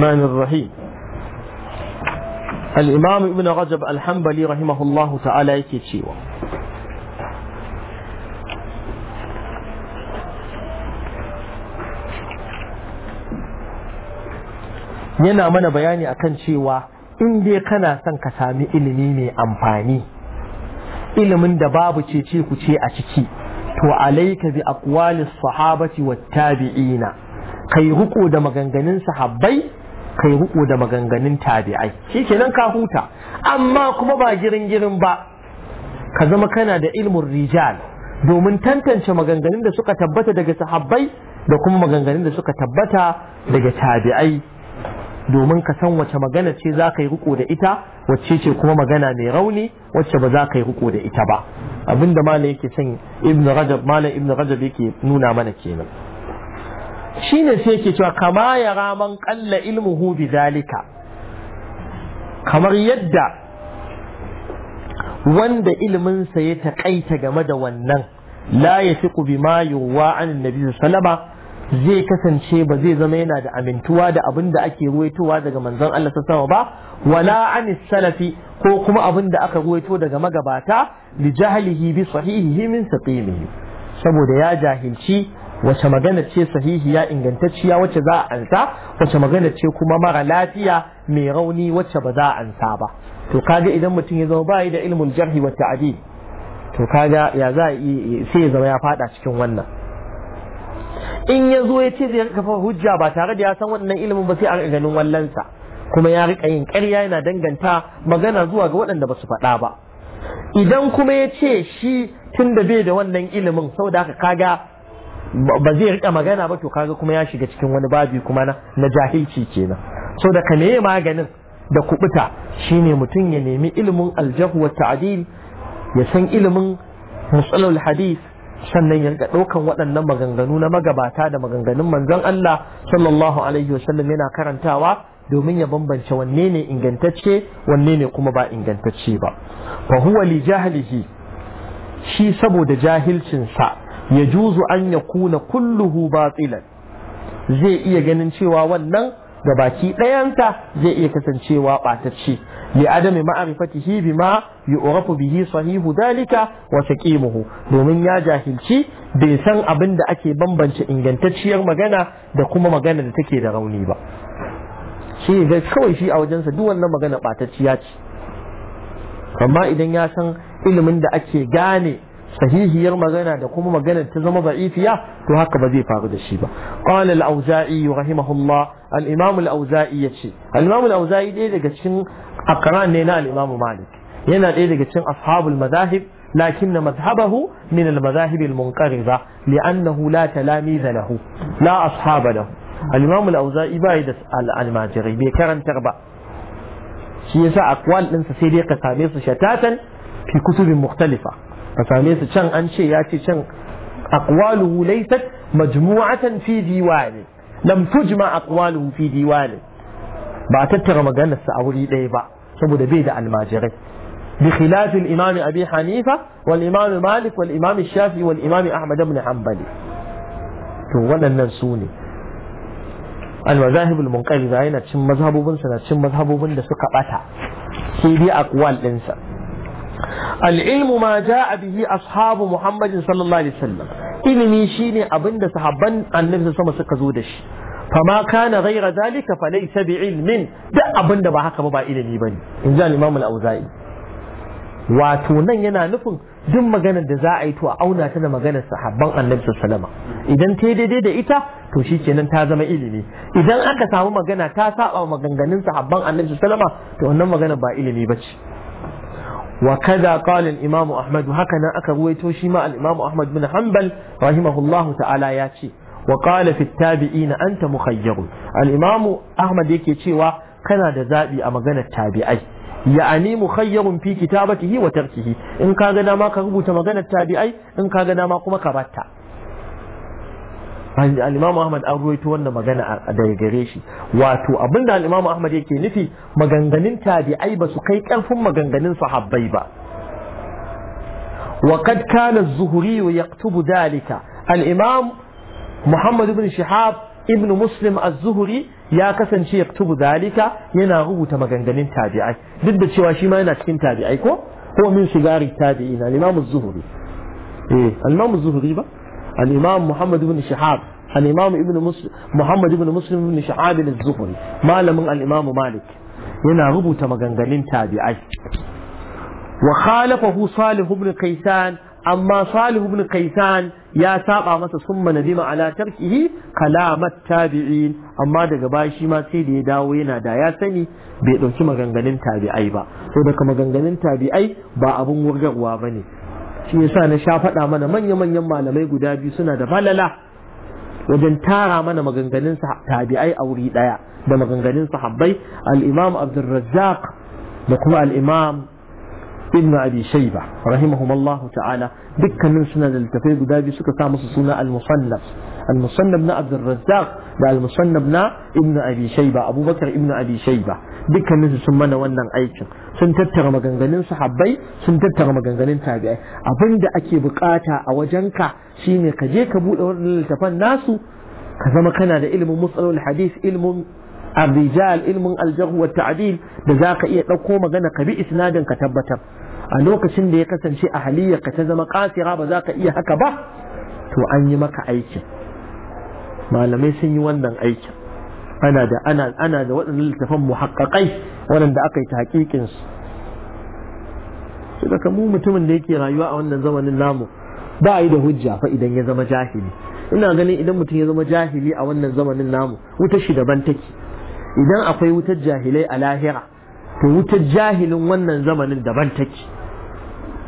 الرحمن الرحيم الإمام ابن رجب الحنبلي rahimahullahu ta'ala yake cewa. yana mana bayani akan cewa in dai kana son ka sami ilimi mai amfani ilimin da babu cece ku ce a ciki to alaika bi aqwalis sahabati wat tabi'ina kai ruko da maganganun sahabbai kai riko da maganganun tabi'ai shi ke nan ka huta amma kuma ba girin girin ba ka zama kana da ilmin rijal domin tantance maganganun da suka tabbata daga sahabbai da kuma maganganun da suka tabbata daga tabi'ai domin ka san wace magana ce za ka yi ruku da ita wacce ce kuma magana mai rauni wacce ba za ka yi ruku da ita ba abinda malam yake son ibn rajab malam ibn rajab yake nuna mana kenan shi ne sai yake cewa kama ya raman kalla ilmuhu bi zalika kamar yadda wanda ilminsa ya taƙaita game da wannan la ya fi bi ma yiwuwa an nabi salama zai kasance ba zai zama yana da amintuwa da abin da ake ruwaitowa daga manzon Allah sama ba wala an salafi ko kuma abin da aka ruwaito daga magabata li jahlihi bi sahihihi min saqimihi saboda ya jahilci wace magana ce sahihiya ingantacciya wacce za a ansa wace magana ce kuma mara lafiya mai rauni wacce ba za a ansa ba to kaga idan mutum ya zama bai da ilmul jarhi wa ta'dil to kaga ya za a sai ya zama ya fada cikin wannan in yazo ya ce zai kafa hujja ba tare da ya san wannan ilimin ba sai a ganin wallansa kuma ya rika yin ƙarya yana danganta magana zuwa ga waɗanda ba su faɗa ba idan kuma ya ce shi tun da bai da wannan ilimin sau da aka kaga ba zai rika magana ba to kaga kuma ya shiga cikin wani babi kuma na na jahilci kenan so da ka neme maganin da kubuta shine mutum ya nemi ilimin aljahu wa ta'dil ya san ilimin musalul hadith sannan ya rika daukan waɗannan maganganu na magabata da maganganun manzon Allah sallallahu alaihi wasallam yana karantawa domin ya bambance wanne ne ingantacce wanne ne kuma ba ingantacce ba fa huwa li jahlihi shi saboda jahilcin sa ya juzu an ya kuna kulluhu batilan zai iya ganin cewa wannan ga baki ɗayansa zai iya kasancewa ɓatacce li adami ma'arifatihi bima yu'rafu bihi sahihu dalika wa saqimuhu domin ya jahilci bai san abin da ake bambance ingantacciyar magana da kuma magana da take da rauni ba shi ga kawai shi a wajensa duk wannan magana ɓatacciya ce amma idan ya san ilimin da ake gane sahihiyar magana da kuma maganar ta zama ba'ifiya to haka ba zai faru da shi ba qala al-auza'i rahimahullah al-imam al-auza'i yace al-imam al-auza'i dai daga cikin aqran ne na al-imam malik yana dai daga cikin ashabul madahib لكن مذهبه من المذاهب المنقرضة لأنه لا تلاميذ له لا أصحاب له الإمام الأوزائي بايد الماجري بكرن تربى شيء أقوال ننسى سيدي قساميص شتاتا في كتب مختلفة ka same su can an ce ya ce can aqwaluhu laysat majmu'atan fi diwani lam tujma aqwaluhu fi diwani ba tattara maganarsa a wuri ɗaya ba saboda bai da almajirai بخلاف الإمام أبي حنيفة والإمام مالك والإمام الشافعي والإمام أحمد بن حنبل ولا ننسوني المذاهب المنقلبة هنا تشم مذهب بن سنة تشم مذهب بن سكبتها سيدي أقوال إنسان Al'ilmu ma جاء به أصحاب محمد صلى الله عليه وسلم ilimi shine abin da sahabban annabi sama suka zo da shi fama kana ghaira zalika falaysa bi ilmin duk abin da ba haka ba ba ilimi bane in ji al-imam al-auza'i wato nan yana nufin duk maganar da za a yi to a auna ta da maganar sahabban annabi sallama idan ta daidai da ita to shikenan ta zama ilimi idan aka samu magana ta saba maganganun sahabban annabi sallama to wannan magana ba ilimi bace وكذا قال الإمام أحمد هكذا أكويتو شما الإمام أحمد بن حنبل رحمه الله تعالى ياتي وقال في التابعين أنت مخير الإمام أحمد يكي تشيوا كان دزابي أمغان التابعي يعني مخير في كتابته وتركه إن كان ما كربوت مغنى التابعي إن كان ما قم كبتا al-Imam Ahmad an ruwaito wannan magana daga gare shi wato abinda al-Imam Ahmad yake nufi maganganun tabi'ai ba su kai karfin maganganun sahabbai ba wa kad kana az-Zuhri yaktubu dalika al-Imam Muhammad ibn Shihab ibn Muslim az-Zuhri ya kasance yaktubu dalika yana rubuta maganganun tabi'ai duk da cewa shi ma yana cikin tabi'ai ko ko min shigari tabi'ina al-Imam az-Zuhri eh al-Imam az-Zuhri ba al-imam muhammad ibn shahab ibn muhammad ibn muslim ibn shahab malamin al malik yana rubuta maganganun tabi'ai wa khalafahu salih ibn amma salih kaisan ya saɓa masa summa nadima ala tarkihi kalamat tabi'in amma daga bashi ma sai da ya dawo yana da ya sani bai ɗauki maganganun tabi'ai ba so daga maganganun tabi'ai ba abin wurgarwa bane shi yasa na sha fada mana manya-manyan malamai guda biyu suna da falala wajen tara mana maganganun sa tabi'ai a wuri daya da maganganun sahabbai al-imam Abdul Razzaq da kuma al-imam ibn abi shayba rahimahumallahu ta'ala dukkanin suna da littafai guda biyu suka sa musu suna al-musannaf al-musannaf na Abdul Razzaq da al-musannaf na ibn abi shayba abubakar ibn abi shayba dukkaninsu sun mana wannan aikin sun tattara maganganun sahabbai sun tattara maganganun tabi'ai abin da ake bukata a wajenka shine ka je ka bude wannan littafan nasu ka zama kana da ilimin musalul hadith ilimin الرجال علم الجرح والتعديل da zaka iya ɗauko magana ka bi isnadin ka tabbatar a lokacin da ya kasance a haliyar ka ta zama kasira ba za ka iya haka ba to an yi maka aikin malamai sun yi wannan aikin ana da ana ana da waɗannan littafan waɗanda aka yi ta haƙiƙin su sai ka mu mutumin da yake rayuwa a wannan zamanin namu ba yi da hujja fa idan ya zama jahili ina ganin idan mutum ya zama jahili a wannan zamanin namu wuta shi daban take idan akwai wutar jahilai a lahira to wutar jahilin wannan zamanin daban take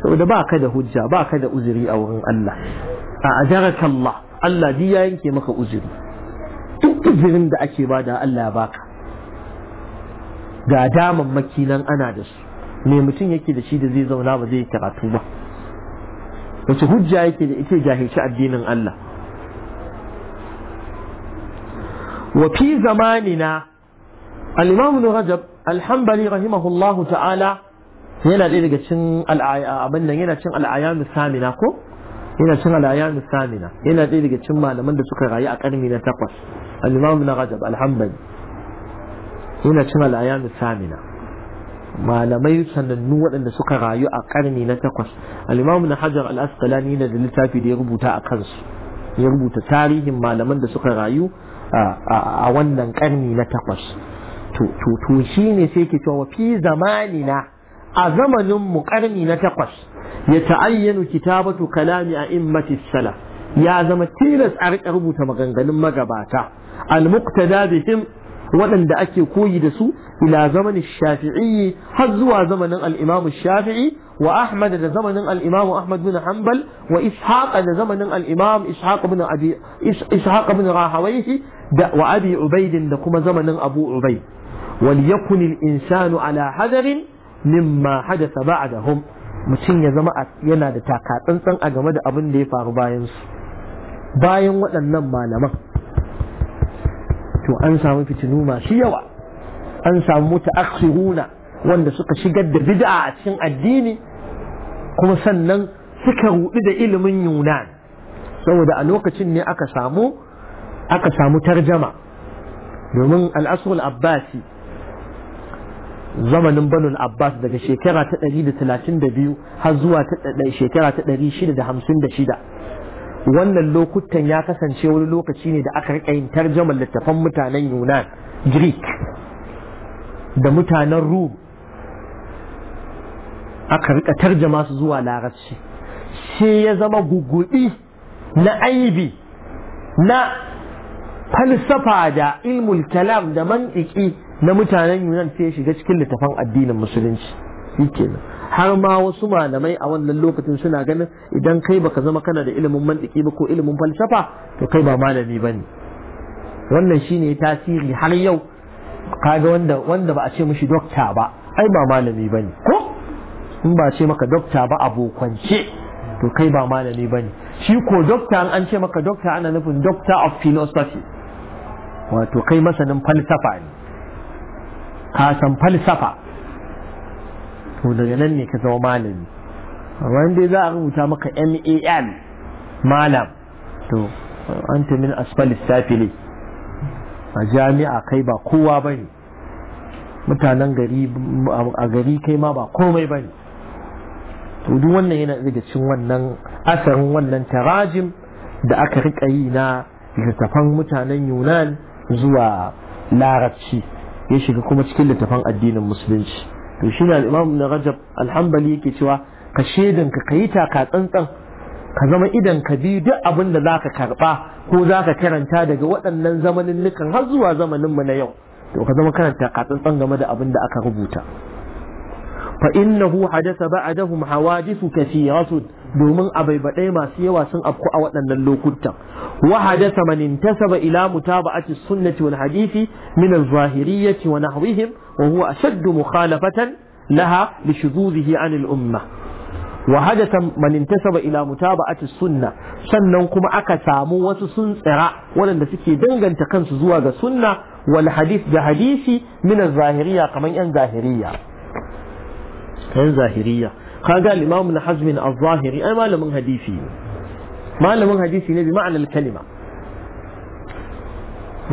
saboda ba ka da hujja ba ka da uzuri a wurin Allah a ajaraka Allah duk ya yanke maka uzuri uzurin da ake ba da Allah baka ga daman nan ana da su me mutum yake da shi da zai zauna ba zai yi karatu ba wace hujja yake da ita jahilci addinin Allah wa fi zamanina al-imam rajab al-hanbali rahimahullahu ta'ala yana ɗaya daga cin al'aya abin nan yana cin al'aya samina ko yana cin al'ayyar samina yana ɗaya daga cin malaman da suka rayu a ƙarni na takwas al-imam na rajab alhambali yana cin al'ayyar samina malamai sanannu waɗanda suka rayu a ƙarni na takwas al-imam na hajar al-asqalani yana da littafi da ya rubuta a kansu ya rubuta tarihin malaman da suka rayu a wannan ƙarni na takwas to shi ne sai ke cewa fi zamanina a zamaninmu ƙarni na takwas يتعين كتابة كلام أئمة السلف يا زما تيلس أرك أربوت مغنغن مغباتا المقتدى بهم ولن دأكي كوي دسو إلى زمن الشافعي هزوا زمن الإمام الشافعي وأحمد زمن الإمام أحمد بن حنبل وإسحاق زمن الإمام إسحاق بن أبي إسحاق بن راهويه وأبي عبيد لكم زمن أبو عبيد وليكن الإنسان على حذر مما حدث بعدهم mutum ya zama yana da takatsantsan a game da abin da ya faru bayan su bayan waɗannan malaman to an samu fitinu masu yawa an samu mutaakhiruna wanda suka shigar da bid'a a cikin addini kuma sannan suka rudu da ilimin yunan saboda a lokacin ne aka samu aka samu tarjama domin al-asr abbasi zamanin banun abbas daga shekara ta 132 har zuwa shekara ta 656 wannan lokutan ya kasance wani lokaci ne da aka rika yin tarjamar littafan mutanen yunan greek da mutanen rum aka rika tarjama su zuwa larabci sai ya zama guguɗi na aibi na falsafa da ilmul kalam da mantiki na mutanen yunan sai shiga cikin littafan addinin musulunci shi har ma wasu malamai a wannan lokacin suna ganin idan kai baka zama kana da ilimin mantiki ba ko ilimin falsafa to kai ba malami bane wannan shine tasiri har yau kaga wanda wanda ba a ce mishi dokta ba ai ba malami bane ko in ba ce maka dokta ba abokance to kai ba malami bane shi ko dokta an ce maka dokta ana nufin doctor of philosophy wato kai masanin falsafa ne ka san falsafa to daga nan ne ka zama malami wanda za a rubuta maka mal malam to an min asfalis safili a jami'a kai ba kowa ba ne mutanen gari a gari kai ma ba komai ba ne to duk wannan yana daga cikin wannan asarin wannan tarajim da aka riƙa yi na littattafan mutanen yunan zuwa larabci ya shiga kuma cikin littafan addinin musulunci to shi ne al'imam na rajab alhambali yake cewa ka shaidanka ka yi taka tsantsan ka zama idan ka bi duk abin da za ka karɓa ko za ka karanta daga waɗannan zamanin nukan har zuwa zamaninmu na yau to ka zama karanta ka game da abin da aka rubuta فإنه حدث بعدهم حوادث كثيرة دومن أبي بأي ما سيوا سن أبقى أولا اللوكوتا وحدث من انتسب إلى متابعة السنة والحديث من الظاهرية ونحوهم وهو أشد مخالفة لها لشذوذه عن الأمة وحدث من انتسب إلى متابعة السنة سننكم أكا سامو وسسن إراء ولن تكي دنجن تكن سزوا السنة والحديث بحديث من الظاهرية كمن أن ظاهرية kan zahiriya kaga al-imam ibn hazm al zahiri ai malamin hadisi malamin hadisi ne bi ma'ana al kalima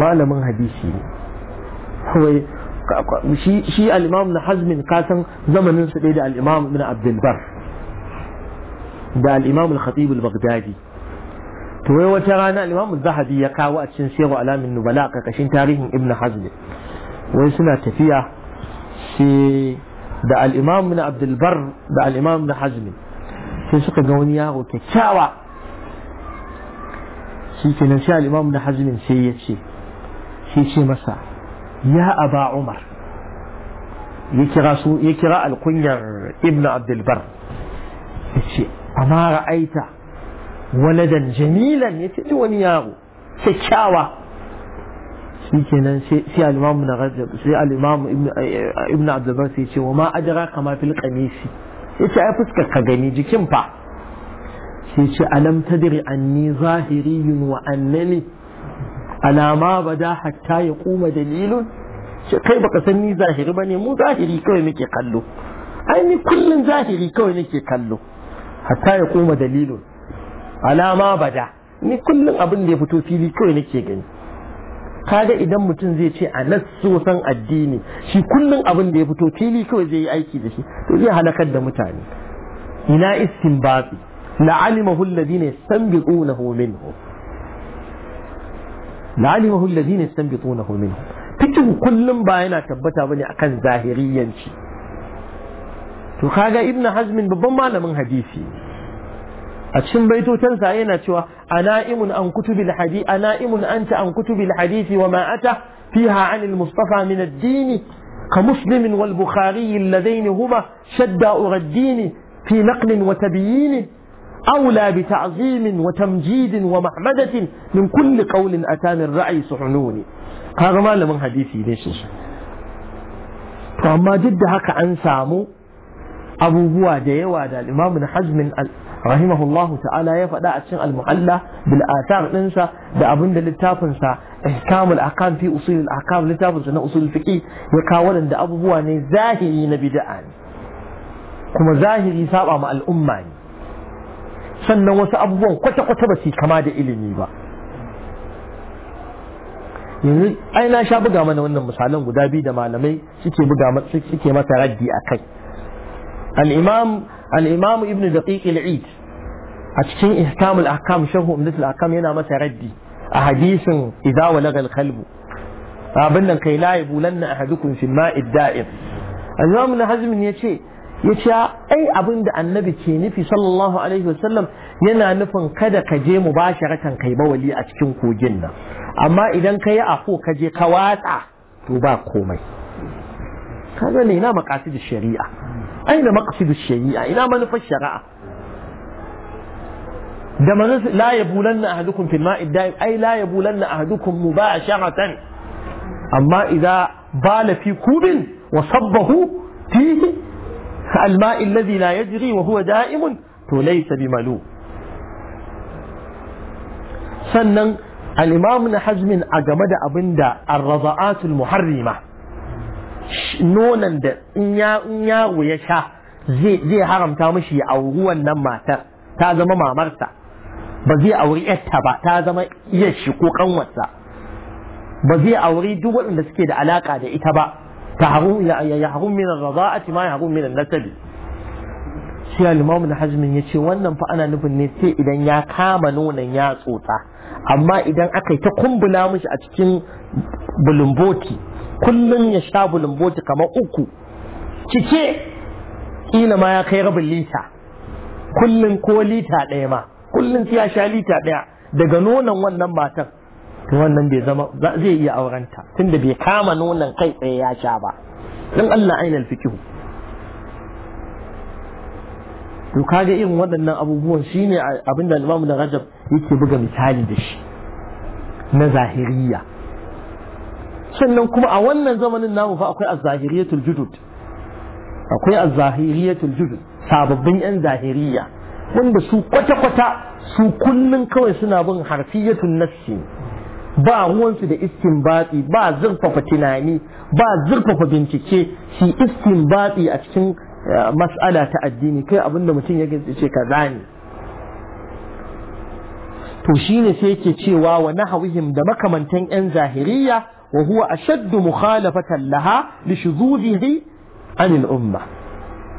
malamin hadisi ne shi shi al-imam ibn hazm ka san zamanin su dai da al-imam ibn abdul bar da al-imam al-khatib al-baghdadi to wai wata rana al-imam az-zahabi ya kawo a cikin sirru alamin nubala karkashin tarihin ibn hazm wai suna tafiya sai da al'imam na abdulbar da al'imam na hajjmi sai suka ga wani yaro kyakkyawa shi kenan sai al'imam na hajjmin sai ya ce sai ce masa ya aba umar ya kira su ya kira alkunyar ibn abdulbar ya ce amma ra'aita waladan jamilan ya ce wani yaro kyakkyawa shikenan sai al-imamu na rajab sai al ibn abdulbar sai ce wa ma ajra kama fil qamisi ce ai fuskar ka gani jikin fa sai ce alam tadri anni zahiriyun wa annani ala ma bada hatta ya kuma dalilun kai baka san ni zahiri bane mu zahiri kawai muke kallo ai ni kullun zahiri kawai nake kallo hatta ya kuma dalilun ala ma bada ni kullun abin da ya fito fili kawai nake gani kaga idan mutum zai ce a san addini shi kullum abin da ya fito fili kawai zai yi aiki da shi to zai halakar da mutane ina istinbati la'alimahu alladhina yastanbitunahu minhu la'alimahu alladhina yastanbitunahu minhu fikin kullum ba yana tabbata bane akan zahiriyanci to kaga ibnu hazmin babban malamin hadisi a cikin baitotansa yana cewa أنائم عن كتب الحديث أنائم أنت عن كتب الحديث وما أتى فيها عن المصطفى من الدين كمسلم والبخاري اللذين هما شداء الدين في نقل وتبيين أولى بتعظيم وتمجيد ومحمدة من كل قول أتى من رأي سحنوني هذا ما لمن حديثي ليش فما جد هكا أنسامو أبو بوا جيوا الإمام حزم rahimahullahu ta'ala ya faɗa a cikin al-muhalla bil athar dinsa da abin da littafin sa ihkamul aqam fi usul al littafin sa na usul fiqi ya kawo da abubuwa ne zahiri na bid'a ne kuma zahiri saba ma al'umma ne sannan wasu abubuwan kwata-kwata ba su kama da ilimi ba yanzu ai na sha buga mana wannan misalan guda biyu da malamai suke buga suke masa raddi a kai al-imam al ibn daqiq eid a cikin ihkamul ahkam sharhu umdatul ahkam yana masa raddi a hadisin idza walagal qalbu abin nan kai layi yabulanna ahadukum fi ma'id da'ir al-imam ibn hazm yace yace ai abin da annabi ke nufi sallallahu alaihi sallam yana nufin kada ka je mubasharatan kai bawali a cikin kogin nan amma idan ka yi afo ka je ka watsa to ba komai kaga ne na maqasid shari'a أين مقصد الشريعة إلى منفى الشرع لا يبولن أحدكم في الماء الدائم أي لا يبولن أحدكم مباشرة أما إذا بال في كوب وصبه فيه الماء الذي لا يجري وهو دائم فليس بملوم سنن الإمام حزم أجمد أبندا الرضاءات المحرمة nonon da in yaro ya sha zai haramta mishi ya auri wannan matar ta zama mamarsa ba zai auri yarta ba ta zama iya shi ko kanwarsa ba zai auri duk waɗanda suke da alaka da ita ba ta harum ya harum min ar-rada'ati ma ya harum min an-nasabi sai al-imam al yace wannan fa ana nufin ne sai idan ya kama nonon ya tsotsa amma idan aka yi ta kumbula mishi a cikin bulumboti kullum ya sha boti kamar uku cike kila ma ya kai rabin lita kullum ko lita ɗaya ma kullum ya sha lita ɗaya daga nonon wannan matan to wannan bai zama zai iya aurenta tunda bai kama nonon kai tsaye ya sha ba dan Allah ainal fikihu to kaga irin waɗannan abubuwan shine abinda Imam da Rajab yake buga misali da shi na zahiriya sannan kuma a wannan zamanin namu fa akwai azahiriyatul judud akwai azahiriyatul judud sababbin yan zahiriya wanda su kwata-kwata su kullun kawai suna bin harfiyatul nassi ba ruwansu da istinbati ba zurfafa tunani ba zurfafa bincike shi istinbati a cikin eh, mas'ala ta addini kai abinda mutum ya ce kaza ne to shine sai yake cewa wa nahawihim da makamantan yan zahiriya وهو أشد مخالفة لها لشذوذه عن الأمة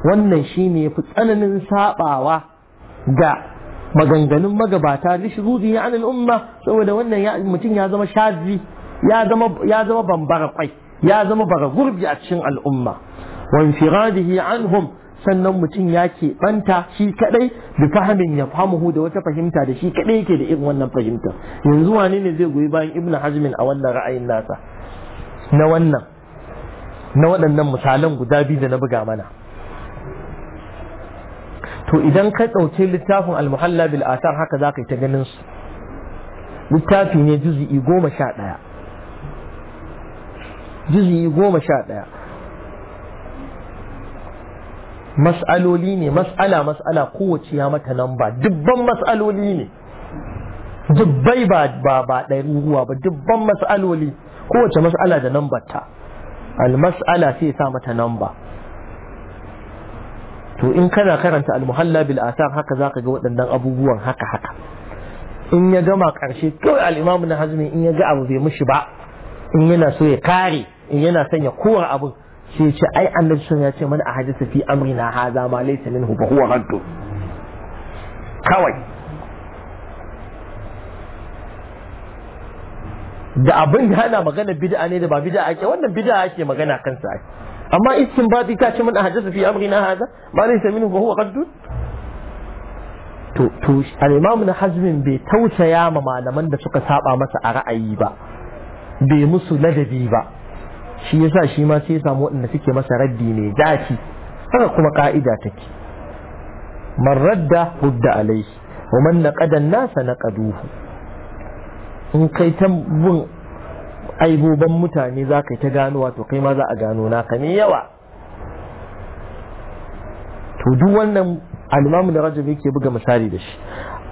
والنشين يفتأنا ننسى باوا جاء مغنغن مغباتا لشذوذه عن الأمة سوى دو أن يأمتين يازم شاذي يازم, يازم بمبرقي يازم بغرب يأتشن الأمة وانفراده عنهم sannan mutum ya keɓanta shi kaɗai da fahimin ya hu da wata fahimta da shi kaɗai yake da irin wannan fahimtar yanzu wane ne zai goyi bayan ibnu hazmin a wannan ra'ayin nasa na wannan na waɗannan misalan guda biyu da na buga mana to idan ka ɗauke littafin almuhalla bil asar haka za ka ta ganin su littafi ne juzi'i goma sha ɗaya juzi'i goma sha ɗaya mas'aloli ne mas'ala mas'ala kowace ya mata ba dubban mas'aloli ne dubbai ba ba ba ruwa ba dubban mas'aloli kowace mas'ala da lambar ta al-mas'ala sai sa mata namba. to in kana karanta al-muhalla bil asar haka zaka ga waɗannan abubuwan haka haka in ya gama karshe kawai al-imamu na hazmi in ya ga abu bai mishi ba in yana so ya kare in yana son ya abu abu. sai ce ai annabi sun ya ce mana a hadisa fi amrina haza ma laysa minhu fa huwa raddu kawai da abin da ana magana bid'a ne da ba bid'a ake wannan bid'a ake magana kansa ake amma istinbati ta ce mana hadisa fi amrina haza ma laysa minhu fa huwa raddu to to al-imam hazmin bai tausaya ma malaman da suka saba masa a ra'ayi ba bai musu ladabi ba shi yasa shi ma sai ya samu waɗanda suke masa raddi ne zafi haka kuma ka'ida take man radda hudda alaihi wa man naqada nasa naqaduhu in kai ta bin aiboban mutane za ka ta ganowa to kai ma za a gano naka ne yawa to duk wannan al-imamu da rajab yake buga misali da shi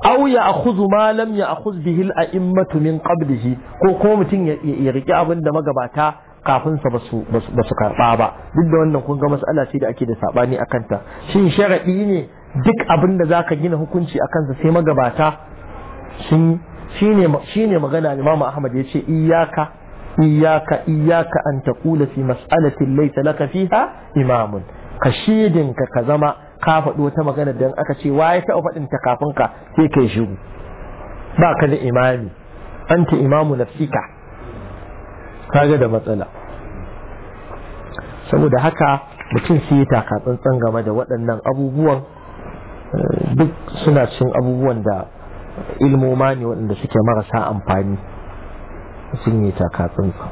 aw ya akhudhu ma lam ya akhudh bihi al-a'immatu min qablihi ko ko mutum ya riki abin da magabata kafin sa ba su karɓa ba duk da wannan kun ga mas'ala ce da ake da saɓani a kanta shin sharaɗi ne duk abin da zaka gina hukunci a kansa sai magabata shi ne magana Imam Ahmad ya ce iyaka iyaka iyaka an taqula fi mas'alatin laysa laka fiha imamun ka shidinka ka zama ka faɗo ta magana dan aka ce waye ta faɗin ta kafin ka sai kai shiru ba ka da imami anta imamu nafsika kaga da matsala saboda haka mutum sai ya taka tsantsan game da waɗannan abubuwan eh, duk suna cin abubuwan da ilmoma ne waɗanda suke marasa amfani sun yi taka tsantsan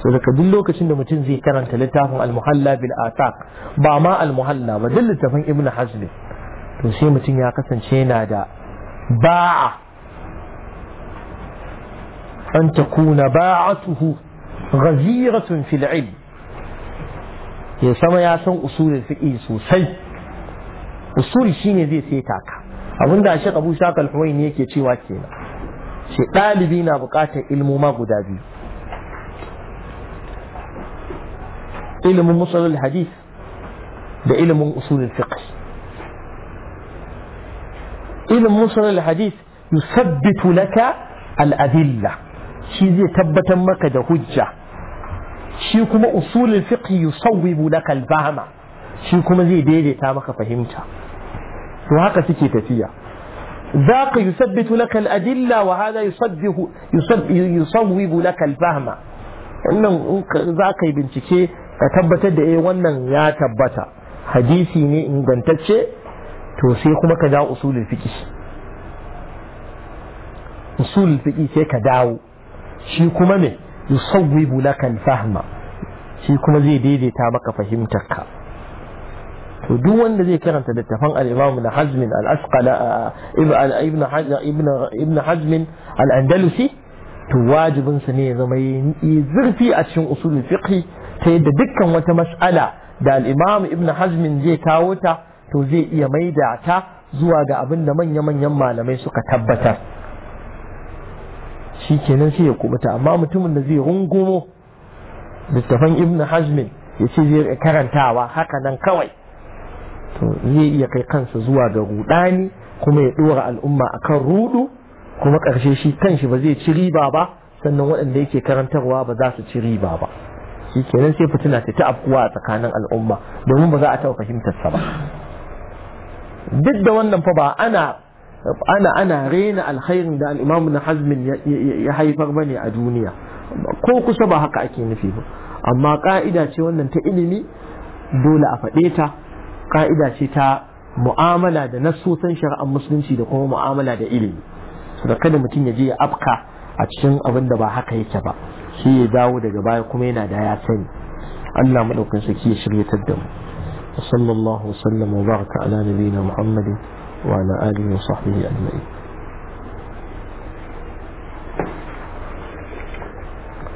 so daga duk lokacin da mutum zai karanta littafin almuhalla bil ataq ba ma almuhalla ba duk littafin ibn hazm to sai mutum ya kasance yana da ba'a an takuna ba'atuhu غزيرة في العلم يسمى يعني يا أصول الفقه سوسي أصول الشين ذي سيتاكا أبن داشا أبو شاك الحوين يكي يتشي واكينا شيء طالبين أبقات علم ما قدابي علم مصر الحديث بعلم أصول الفقه علم مصر الحديث يثبت لك الأدلة شيء يثبت مك ده حجه shi kuma usulul fiqh yusawwibu laka al-fahma shi kuma zai daidaita maka fahimta to haka suke tafiya ذاك يثبت لك الأدلة وهذا يصده يصوب لك الفهم wannan za ka yi bincike ka tabbatar da eh wannan ya tabbata hadisi ne ingantacce to sai kuma ka dawo usulul fiqi usulul fiqi sai ka dawo shi kuma ne yusawwibu laka al-fahma shi kuma zai daidaita maka fahimtar ka to duk wanda zai karanta littattafan al-Imam Ibn Hazm al-Asqala eh, Ibn Ibn Ibn Hazm al-Andalusi to wajibin sa ne ya zama yi zurfi a cikin usulul fiqh ta yadda dukkan wata mas'ala da al-Imam Ibn Hazm zai kawo ta to zai iya maida ta zuwa ga abin da manya-manyan malamai suka tabbatar shi kenan sai ya kubuta amma mutumin da zai rungumo littafan ibn hajmin ya ce zai karantawa haka nan kawai to zai iya kai kansa zuwa ga rudani kuma ya dora al'umma akan rudu kuma karshe shi kanshi ba zai ci riba ba sannan waɗanda yake karantarwa ba za su ci riba ba shi kenan sai fitina ta ta afkuwa a tsakanin al'umma domin ba za a taɓa fahimtarsa ba duk da wannan fa ba ana ana ana rena alkhairin da al'imamu na hazmin ya haifar ba ne a duniya ko kusa ba haka ake nufi ba amma ƙa'ida ce wannan ta ilimi dole a faɗe ta ƙa'ida ce ta mu'amala da nasosan shari'ar musulunci da kuma mu'amala da ilimi da kada mutum ya je ya afka a cikin abin da ba haka yake ba shi ya dawo daga baya kuma yana da ya sani Allah madaukakin sarki ya shiryatar da mu sallallahu alaihi wa sallam wa baraka ala nabiyina muhammadin wa ala alihi wa sahbihi ajma'in